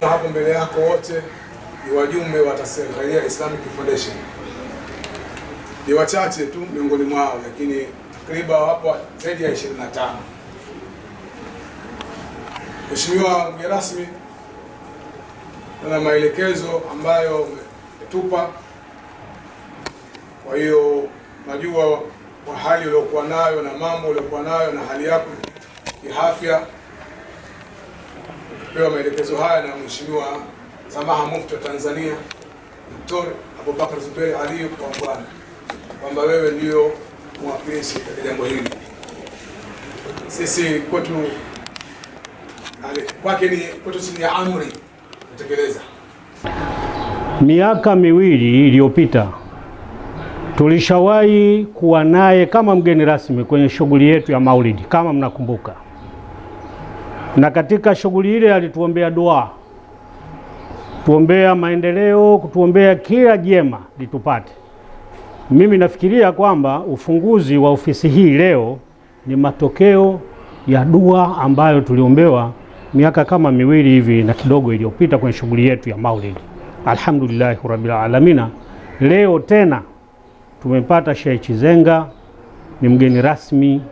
hapo mbele yako wote ni wajumbe wa Islamic Foundation, ni wachache tu miongoni mwao, lakini takriban wapo zaidi ya 25. Mheshimiwa mgeni rasmi, na maelekezo ambayo umetupa, kwa hiyo najua kwa hali uliokuwa nayo na mambo uliokuwa nayo na hali yako kiafya. Ukipewa maelekezo haya na Mheshimiwa Samaha Mufti wa Tanzania Dr. Abubakar Zuberi Ali kwa Bwana kwamba wewe ndio mwakilishi katika jambo hili. Sisi kwetu kwake ni kwetu ya amri kutekeleza. Miaka miwili iliyopita Tulishawahi kuwa naye kama mgeni rasmi kwenye shughuli yetu ya Maulidi kama mnakumbuka, na katika shughuli ile alituombea dua, kutuombea maendeleo, kutuombea kila jema litupate. Mimi nafikiria kwamba ufunguzi wa ofisi hii leo ni matokeo ya dua ambayo tuliombewa miaka kama miwili hivi na kidogo iliyopita kwenye shughuli yetu ya Maulidi. Alhamdulillahi rabbil alamina, leo tena tumepata Sheikh Chizenga, ni mgeni rasmi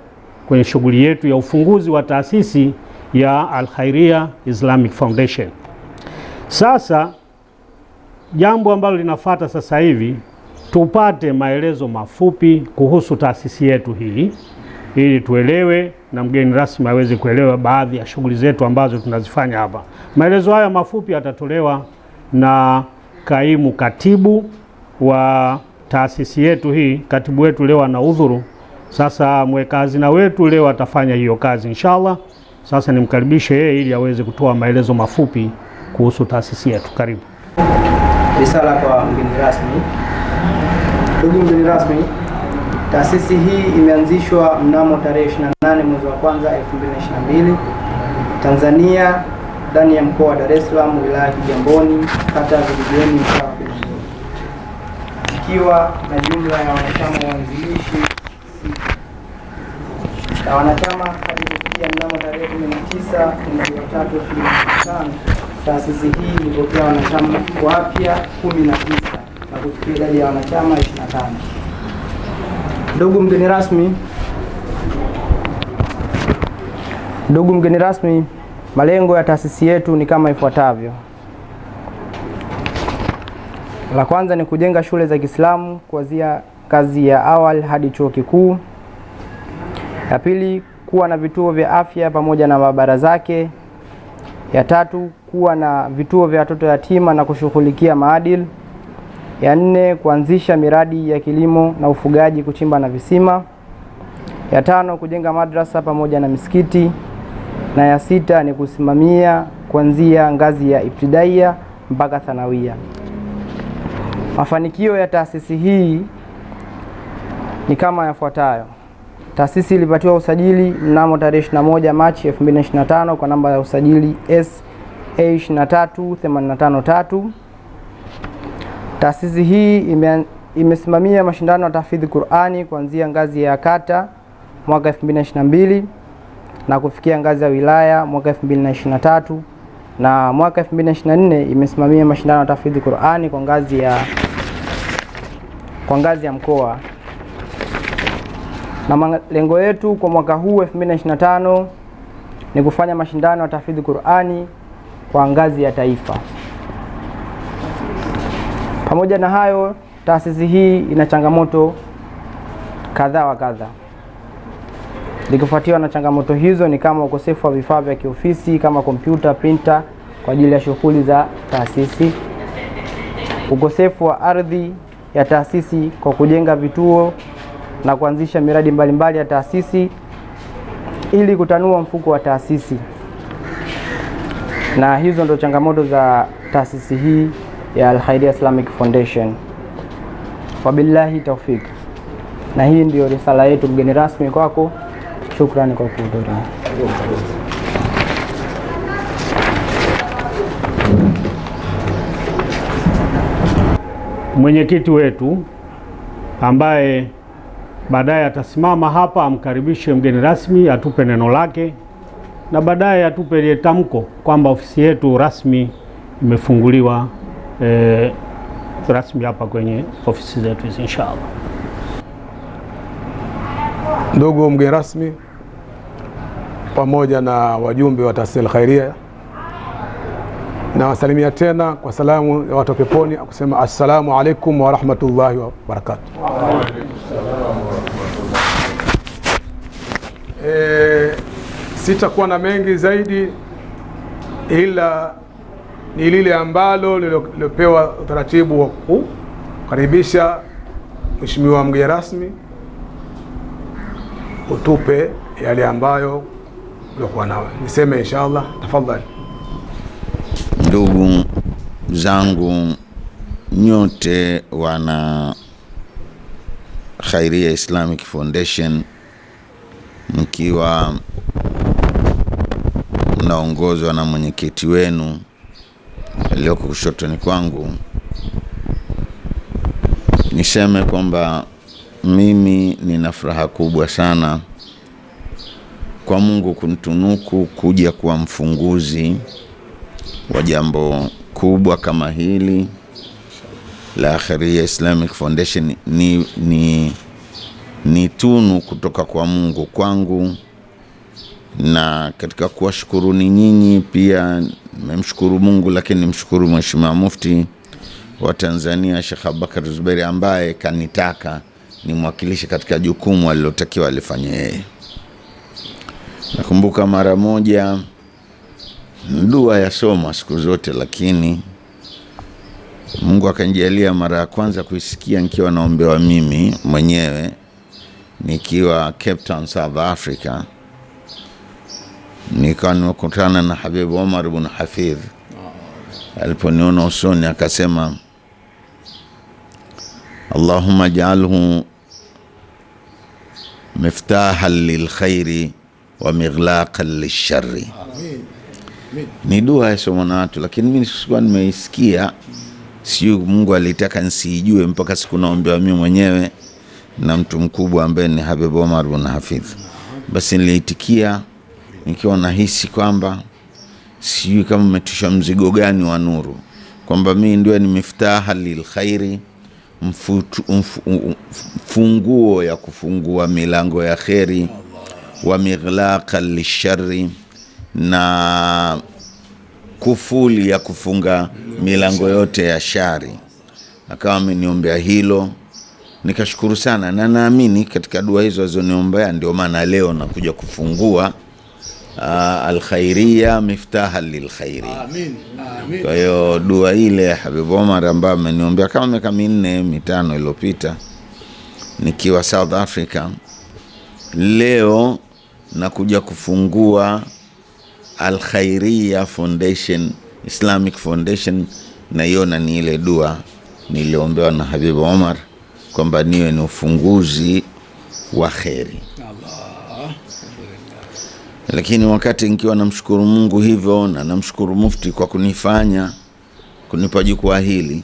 kwenye shughuli yetu ya ufunguzi wa taasisi ya Al Khairia Islamic Foundation. Sasa jambo ambalo linafata sasa hivi tupate maelezo mafupi kuhusu taasisi yetu hii ili tuelewe na mgeni rasmi aweze kuelewa baadhi ya shughuli zetu ambazo tunazifanya hapa. Maelezo haya mafupi yatatolewa na kaimu katibu wa taasisi yetu hii, katibu wetu leo ana udhuru. Sasa mweka hazina wetu leo atafanya hiyo kazi inshallah. Sasa nimkaribishe yeye ili aweze kutoa maelezo mafupi kuhusu taasisi yetu. Karibu. Risala kwa mgeni rasmi. Ndugu mgeni rasmi, taasisi hii imeanzishwa mnamo tarehe 28 mwezi wa kwanza 2022 Tanzania, ndani ya mkoa wa Dar es Salaam, wilaya ya Kigamboni, kata ya Vijijini, mkoa ikiwa na jumla ya wanachama waanzilishi sita na wanachama hadi mnamo tarehe 19 mwezi wa tatu 2025 taasisi hii ilipokea wanachama wapya 19 na kufikia idadi ya wanachama 25. Ndugu mgeni rasmi, ndugu mgeni rasmi, malengo ya taasisi yetu ni kama ifuatavyo. La kwanza ni kujenga shule za Kiislamu kuanzia ngazi ya awali hadi chuo kikuu. Ya pili, kuwa na vituo vya afya pamoja na maabara zake. Ya tatu, kuwa na vituo vya watoto yatima na kushughulikia maadili. Ya nne, kuanzisha miradi ya kilimo na ufugaji, kuchimba na visima. Ya tano, kujenga madrasa pamoja na misikiti, na ya sita ni kusimamia kuanzia ngazi ya ibtidaia mpaka thanawia. Mafanikio ya taasisi hii ni kama yafuatayo. Taasisi ilipatiwa usajili mnamo tarehe 21 Machi 2025 kwa namba ya usajili SA23853. Taasisi hii ime, imesimamia mashindano ya tahfidhi Qur'ani kuanzia ngazi ya kata mwaka 2022 na kufikia ngazi ya wilaya mwaka 2023 na mwaka 2024 imesimamia mashindano ya tahfidhi Qur'ani kwa ngazi ya kwa ngazi ya mkoa, na malengo yetu kwa mwaka huu 2025 ni kufanya mashindano ya tahfidhi Qur'ani kwa ngazi ya taifa. Pamoja na hayo, taasisi hii ina changamoto kadha wa kadha, likifuatiwa na changamoto hizo ni kama ukosefu wa vifaa vya kiofisi kama kompyuta, printer kwa ajili ya shughuli za taasisi, ukosefu wa ardhi ya taasisi kwa kujenga vituo na kuanzisha miradi mbalimbali ya taasisi ili kutanua mfuko wa taasisi, na hizo ndo changamoto za taasisi hii ya Al Khairiya Islamic Foundation. Wabillahi taufik. Na hii ndiyo risala yetu, mgeni rasmi kwako. Shukrani kwa kuhudhuria. mwenyekiti wetu ambaye baadaye atasimama hapa amkaribishe mgeni rasmi, atupe neno lake na baadaye atupe ile tamko kwamba ofisi yetu rasmi imefunguliwa e, rasmi hapa kwenye ofisi zetu hizi inshallah. Ndugu mgeni rasmi pamoja na wajumbe wa taasisi Al Khairia Nawasalimia tena kwa salamu ya watu wa peponi akusema assalamu alaikum warahmatullahi wabarakatu. E, sitakuwa na mengi zaidi, ila ni lile ambalo lilopewa utaratibu wa kukaribisha mheshimiwa mgeni rasmi, utupe yale ambayo uliokuwa nawe. Niseme inshallah, tafadhali. Ndugu zangu nyote wana Khairia Islamic Foundation, mkiwa mnaongozwa na mwenyekiti wenu aliyoko kushotoni kwangu, niseme kwamba mimi nina furaha kubwa sana kwa Mungu kunitunuku kuja kuwa mfunguzi wa jambo kubwa kama hili la Akhiria Islamic Foundation ni, ni, ni tunu kutoka kwa Mungu kwangu, na katika kuwashukuruni nyinyi pia nimemshukuru Mungu, lakini nimshukuru Mheshimiwa Mufti wa Tanzania Sheikh Abubakar Zuberi ambaye kanitaka nimwakilishe katika jukumu alilotakiwa alifanye yeye. Nakumbuka mara moja dua yasoma siku zote, lakini Mungu akanijalia mara ya kwanza kuisikia nikiwa naombewa mimi mwenyewe nikiwa Cape Town, South Africa. Nikawa nimekutana na Habibu Omar bin Hafidh, aliponiona usoni akasema, Allahumma jaalhu miftaha lilkhairi wa mighlaqan lilshari. Amin ni dua isomwa na watu, lakini mimi sikuwa nimeisikia, siu Mungu alitaka nsiijue mpaka siku naombewa mimi mwenyewe na mtu mkubwa ambaye ni Habib Omar bin Hafidh. Basi niliitikia nikiwa nahisi kwamba sijui kama umetisha mzigo gani wa nuru, kwamba mimi ndio ni miftaha lilkhairi, funguo ya kufungua milango ya kheri, wa miglaqa lishari na kufuli ya kufunga milango yote ya shari. Akawa ameniombea hilo nikashukuru sana, na naamini katika dua hizo alizoniombea ndio maana leo nakuja kufungua ah, alkhairia miftaha lilkhairi. Kwa hiyo dua ile Habib Omar ambayo ameniombea kama miaka minne mitano iliyopita nikiwa South Africa, leo nakuja kufungua Al Khairia Foundation, Islamic Foundation, naiona ni ile dua niliombewa na Habibu Omar kwamba niwe ni ufunguzi wa kheri. Lakini wakati nikiwa namshukuru Mungu hivyo na namshukuru Mufti kwa kunifanya kunipa jukwaa hili,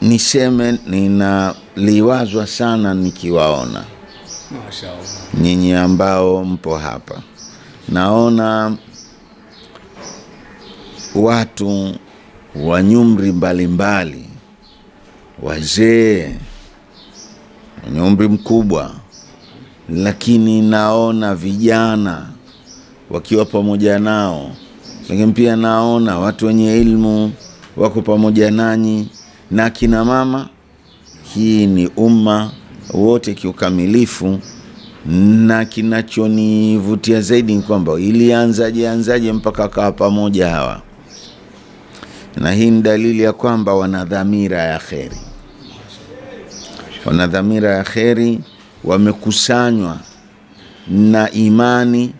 niseme ninaliwazwa sana nikiwaona nyinyi ambao mpo hapa naona watu wa nyumri mbalimbali, wazee wenye umri mkubwa, lakini naona vijana wakiwa pamoja nao, lakini pia naona watu wenye ilmu wako pamoja nanyi na akina mama. Hii ni umma wote kiukamilifu na kinachonivutia zaidi ni kwamba ilianzaje anzaje mpaka kaa pamoja hawa, na hii ni dalili ya kwamba wana dhamira ya kheri, wana dhamira ya kheri, wamekusanywa na imani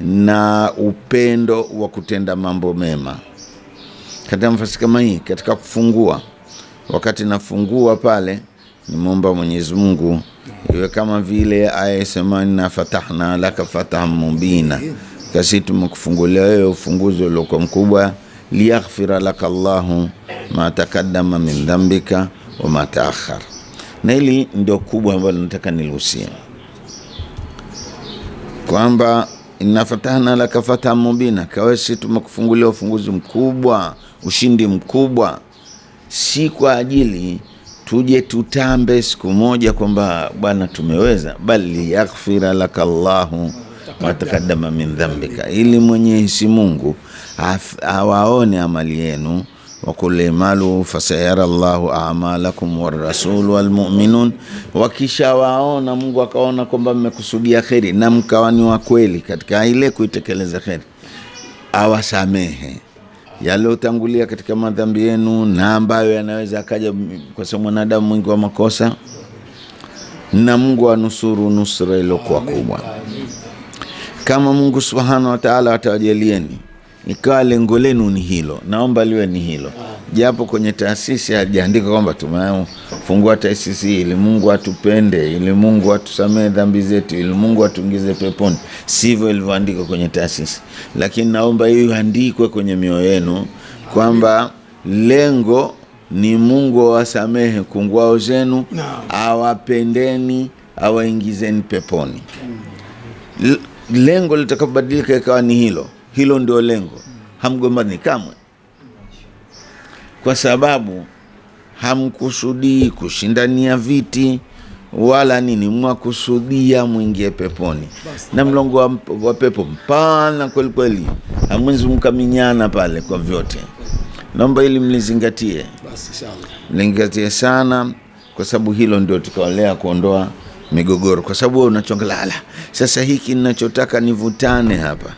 na upendo wa kutenda mambo mema. Katika nafasi kama hii, katika kufungua, wakati nafungua pale, nimeomba Mwenyezi Mungu iwe kama vile aya isema inna fatahna laka fatahan mubina, kasi tumekufungulia wewe ufunguzi uliokuwa mkubwa. Liyaghfira laka llahu ma taqaddama min dhambika wa ma taakhar. Na hili ndio kubwa ambalo nataka nilihusia kwamba inna fatahna laka fatahan mubina, kawesi tumekufungulia ufunguzi mkubwa, ushindi mkubwa, si kwa ajili tuje tutambe siku moja kwamba bwana tumeweza, bali yaghfira laka llahu watakadama min dhambika, ili Mwenyezi Mungu awaone amali yenu wakul malu fasayara llahu amalakum warasulu walmuminun, wakishawaona Mungu akaona kwamba mmekusudia kheri na mkawa ni wa kweli katika ile kuitekeleza kheri, awasamehe yaliyotangulia katika madhambi yenu na ambayo yanaweza akaja kwa sababu mwanadamu mwingi wa makosa, na Mungu anusuru nusra iliyokuwa kubwa. Kama Mungu subhanahu wa taala atawajalieni nikawa lengo lenu ni hilo, naomba liwe ni hilo, japo kwenye taasisi hajaandika kwamba tumefungua taasisi ili Mungu atupende, ili Mungu atusamehe dhambi zetu, ili Mungu atuingize peponi. Sivyo ilivyoandikwa kwenye taasisi, lakini naomba hiyo iandikwe kwenye mioyo yenu kwamba lengo ni Mungu awasamehe kungwao zenu, awapendeni, awaingizeni peponi. Lengo litakapobadilika ikawa ni hilo hilo ndio lengo, hamgombani kamwe, kwa sababu hamkusudii kushindania viti wala nini, mwakusudia mwingie peponi Na mlongo wa, wa pepo mpana kweli kweli, hamwezi mkaminyana pale kwa vyote. Naomba hili mlizingatie, mlizingatie sana, kwa sababu hilo ndio tukawalea kuondoa migogoro, kwa sababu unachongala, sasa hiki ninachotaka nivutane hapa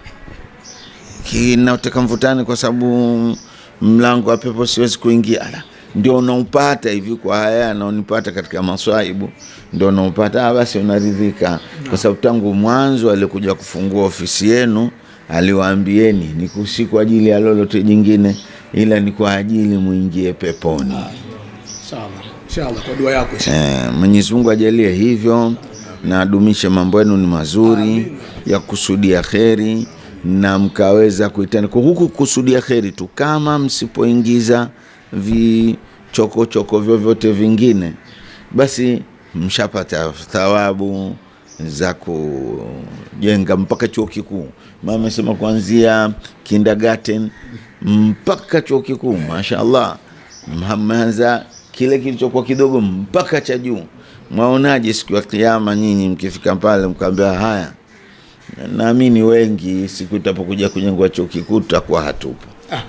kinaoteka mvutani, kwa sababu mlango wa pepo siwezi kuingia. la ndio unaupata hivi kwa haya anaonipata katika maswaibu, ndio unaupata ah, basi, unaridhika kwa sababu tangu mwanzo alikuja kufungua ofisi yenu aliwaambieni ni kusi kwa ajili ya lolote jingine, ila ni kwa ajili muingie peponi. E, Mwenyezi Mungu ajalie hivyo na adumishe mambo yenu ni mazuri ya kusudia kheri na mkaweza kuitana kwa huku kusudia kheri tu, kama msipoingiza vichokochoko choko vyovyote vingine, basi mshapata thawabu za kujenga mpaka chuo kikuu. Mama amesema kuanzia kindergarten mpaka chuo kikuu, mashaallah, mhameanza kile kilichokuwa kidogo mpaka cha juu. Mwaonaje siku ya kiama nyinyi mkifika pale, mkaambia haya naamini wengi siku itapokuja kujengwa chuo kikuu tutakuwa hatupo ah.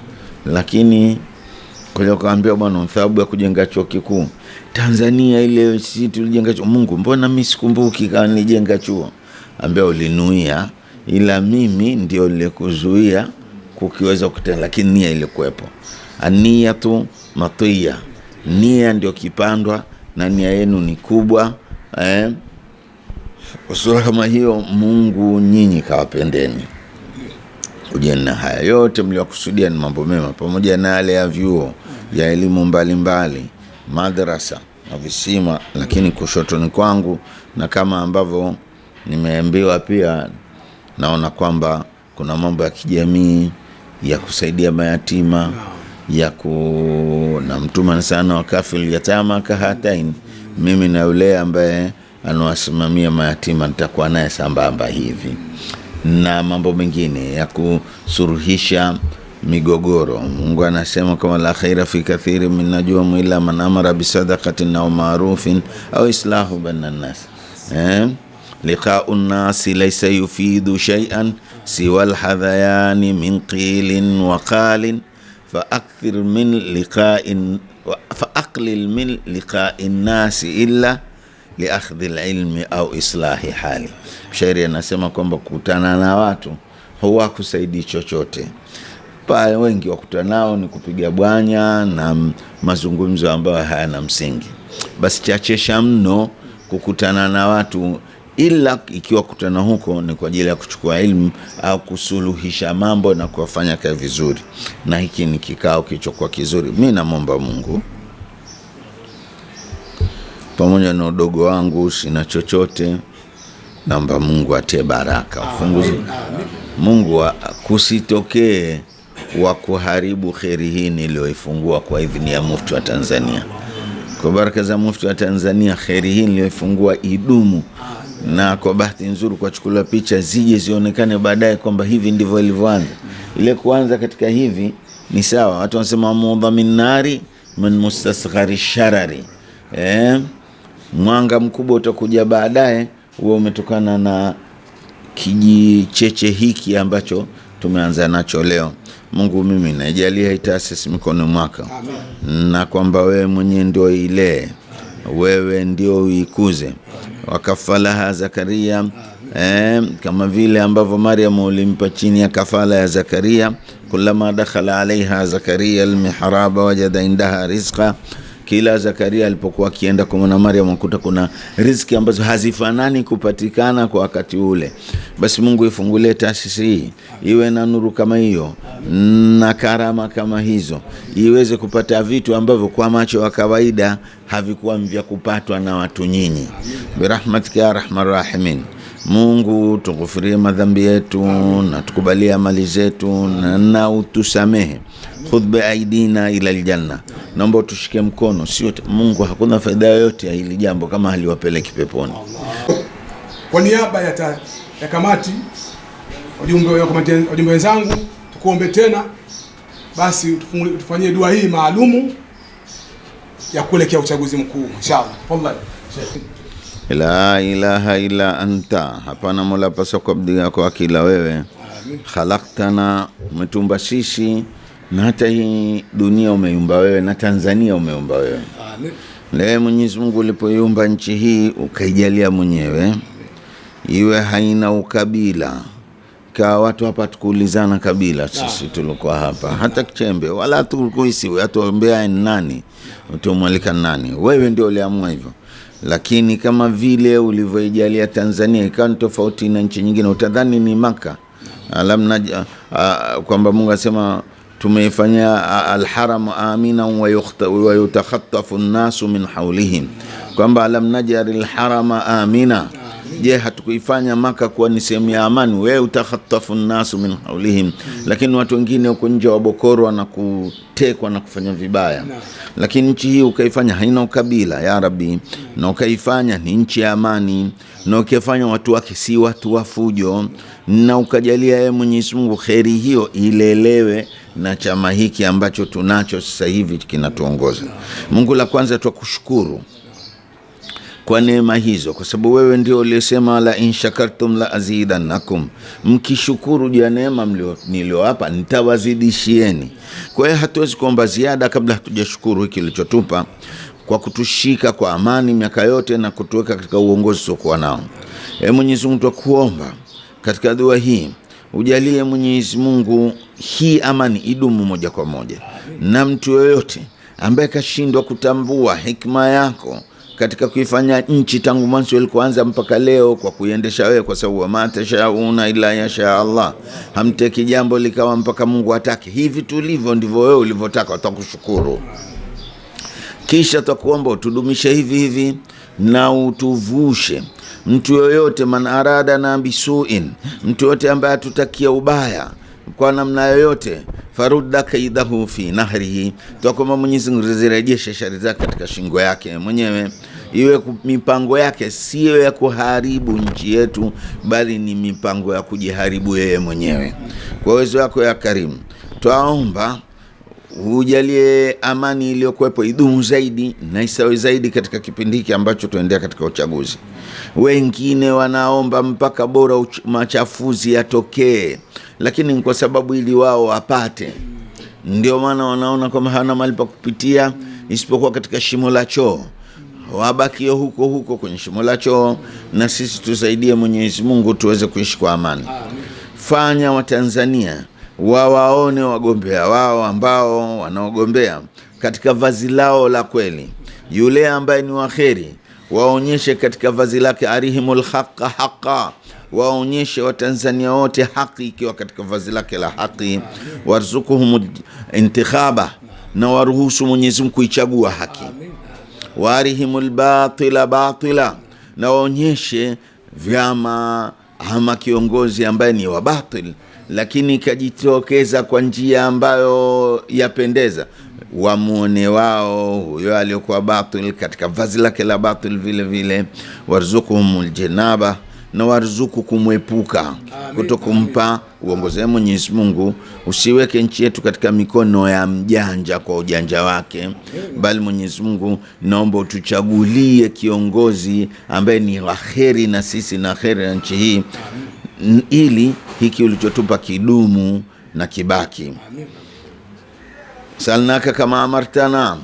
Lakini kuja ukaambia bwana thawabu ya kujenga chuo kikuu Tanzania ile sisi tulijenga chuo. Mungu, mbona mi sikumbuki kama nilijenga chuo? Ambia ulinuia, ila mimi ndio likuzuia kukiweza kutenda, lakini nia ilikuwepo. Ania tu matwia nia ndio kipandwa na nia yenu ni kubwa eh. Kwa sura kama hiyo, Mungu nyinyi kawapendeni, ujeni na haya yote mliokusudia ni mambo mema, pamoja na yale ya vyuo ya elimu mbalimbali, madrasa na visima, lakini kushotoni kwangu, na kama ambavyo nimeambiwa pia, naona kwamba kuna mambo ya kijamii ya kusaidia mayatima ya ku na mtuma sana wakafil yatama kahatain, mimi na yule ambaye anawasimamia mayatima nitakuwa naye sambamba hivi, na mambo mengine ya kusuruhisha migogoro. Mungu anasema kama la khaira fi kathiri min mwila illa man amara bisadaqatin au marufin au islahu baina nas eh? liqau nnasi laisa yufidu shaian siwa lhadhayani min qilin wa qalin faakthir min min liqai nnasi illa liakhdhi lilmi au islahi hali. Mshairi anasema kwamba kukutana na watu kusaidi chochote pale, wengi wakutana nao ni kupiga bwanya na mazungumzo ambayo hayana msingi. Basi chachesha mno kukutana na watu, ila ikiwa kutana huko ni kwa ajili ya kuchukua ilmu au kusuluhisha mambo na kuwafanya kazi vizuri, na hiki ni kikao kilichokuwa kizuri. Mi namwomba Mungu pamoja na udogo wangu sina chochote, naomba Mungu atie baraka ufunguzi, Mungu wa kusitokee wa kuharibu kheri hii niliyoifungua kwa idhini ya mufti wa Tanzania, kwa baraka za mufti wa Tanzania, kheri hii niliyoifungua idumu na kwa bahati nzuri kwa chukula picha zije zionekane baadaye kwamba hivi ndivyo ilivyoanza. Ile kuanza katika hivi ni sawa, watu wanasema muudha minnari nari min mustasghari sharari eh? Mwanga mkubwa utakuja baadaye, huo umetokana na kijicheche hiki ambacho tumeanza nacho leo. Mungu mimi naijalia hii taasisi mikono mwako, na kwamba wewe mwenyewe ndio ilee, wewe ndio uikuze. Wakafalaha Zakaria eh, kama vile ambavyo Mariam ulimpa chini ya kafala ya Zakaria, kulama dakhala alaiha Zakaria almihraba wajada indaha rizqa kila Zakaria alipokuwa akienda kwa mwana Mariam akuta kuna riziki ambazo hazifanani kupatikana kwa wakati ule. Basi Mungu ifungulie taasisi hii iwe na nuru kama hiyo na karama kama hizo, iweze kupata vitu ambavyo kwa macho ya kawaida havikuwa vya kupatwa na watu nyinyi, birahmatika ya rahman rahimin. Mungu tughufurie madhambi yetu na tukubalie amali zetu na, na utusamehe khudh biaidina ila aljanna, naomba utushike mkono. Sio Mungu, hakuna faida yoyote ya hili jambo kama haliwapeleki peponi. Kwa niaba ya, ya kamati wajumbe wenzangu, tukuombe tena basi tufanyie dua hii maalumu ya kuelekea uchaguzi mkuu inshallah. Wallahi la ilaha ila anta, hapana mola paswa kuabudiwa kwa kila wewe. Khalaqtana, umetumba sisi na hata hii dunia umeumba wewe na Tanzania umeumba wewe. Amen. Leo Mwenyezi Mungu ulipoiumba nchi hii ukaijalia mwenyewe iwe haina ukabila ka watu hapa tukuulizana kabila sisi tulikuwa hapa hata kichembe wala tukuisi atuombea nani utumwalika nani wewe ndio uliamua hivyo lakini kama vile ulivyoijalia Tanzania ikawa ni tofauti na nchi nyingine utadhani ni Maka alamna kwamba Mungu asema tumeifanya alharamu amina wa yutakhatafu nnasu min haulihim, kwamba alam najari lharama amina. Je, hatukuifanya Maka kuwa ni sehemu ya amani? We utakhatafu nnasu min haulihim, lakini watu wengine huko nje wabokorwa na kutekwa na kufanya vibaya, lakini nchi hii ukaifanya haina ukabila, ya Rabbi, na ukaifanya ni nchi ya amani, na ukifanya watu wake si watu wa fujo, na ukajalia yeye Mwenyezi Mungu kheri hiyo ilelewe na chama hiki ambacho tunacho sasa hivi kinatuongoza. Mungu, la kwanza twakushukuru kwa neema hizo, kwa sababu wewe ndio uliyesema la in shakartum la azidannakum, mkishukuru juu ya neema niliyowapa nitawazidishieni. Kwa hiyo hatuwezi kuomba ziada kabla hatujashukuru hiki kilichotupa kwa kutushika kwa amani miaka yote na kutuweka katika uongozi usiokuwa nao. Ee Mwenyezi Mungu, twakuomba katika dua hii ujalie Mwenyezi Mungu hii amani idumu moja kwa moja, na mtu yoyote ambaye kashindwa kutambua hikma yako katika kuifanya nchi tangu mwanzo ilikuanza mpaka leo kwa kuiendesha wewe, kwa sababu wama tashauna ila yasha Allah, hamteki jambo likawa mpaka Mungu atake. Hivi tulivyo ndivyo wewe ulivyotaka, twakushukuru kisha twakuomba utudumishe hivi hivi na utuvushe mtu yoyote, man arada na bisuin, mtu yoyote ambaye atutakia ubaya kwa namna yoyote, farudda kaidahu fi nahrihi, twakoma Mwenyezi Mungu zirejeshe shari zake katika shingo yake mwenyewe. Iwe mipango yake siyo ya kuharibu nchi yetu, bali ni mipango ya kujiharibu yeye mwenyewe kwa uwezo wako ya karimu. Twaomba hujalie amani iliyokuwepo idumu zaidi na isawe zaidi katika kipindi hiki ambacho tuendea katika uchaguzi. Wengine wanaomba mpaka bora machafuzi yatokee, lakini kwa sababu ili wao wapate, ndio maana wanaona kwamba hawana mahali pa kupitia isipokuwa katika shimo la choo wabakio huko huko kwenye shimo la choo. Na sisi tusaidie Mwenyezi Mungu tuweze kuishi kwa amani. Fanya Watanzania wawaone wagombea wao ambao wanaogombea katika vazi lao la kweli, yule ambaye ni waheri waonyeshe katika vazi lake, arihimul haqa haqa, waonyeshe Watanzania wote haki ikiwa katika vazi lake la haki, warzukuhum intikhaba, na waruhusu Mwenyezi Mungu kuichagua haki, waarihimul batila batila, na waonyeshe vyama ama kiongozi ambaye ni wabatil lakini ikajitokeza kwa njia ambayo yapendeza wamwone wao huyo aliokuwa batil katika vazi lake la batil, vile vile warzukuhumul na warzuku kumwepuka kuto kumpa uongoze. Mwenyezi Mungu, usiweke nchi yetu katika mikono ya mjanja kwa ujanja wake, bali Mwenyezi Mungu, naomba utuchagulie kiongozi ambaye ni waheri na sisi na heri na nchi hii ili hiki ulichotupa kidumu na kibaki. Salnaka kama amartana,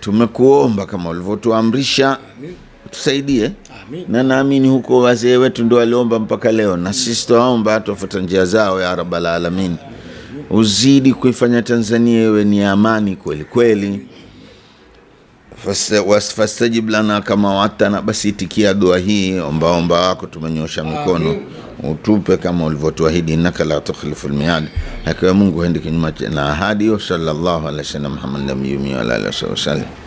tumekuomba kama ulivyotuamrisha, tusaidie Na naamini huko wazee wetu ndio waliomba mpaka leo, na sisi twaomba tuwafuata njia zao, ya rabbal alamin. Uzidi kuifanya Tanzania iwe ni amani kweli kweli. Fastajib lana kama watana, basi itikia dua hii, ombaomba wako, tumenyosha mikono Amin utupe kama ulivyotuahidi, innaka la tukhlifu lmiad, hakika Mungu haendi kinyume na ahadi Sallallahu alaihi wasallam Muhammad nabiyyi wa ala alihi wasallam.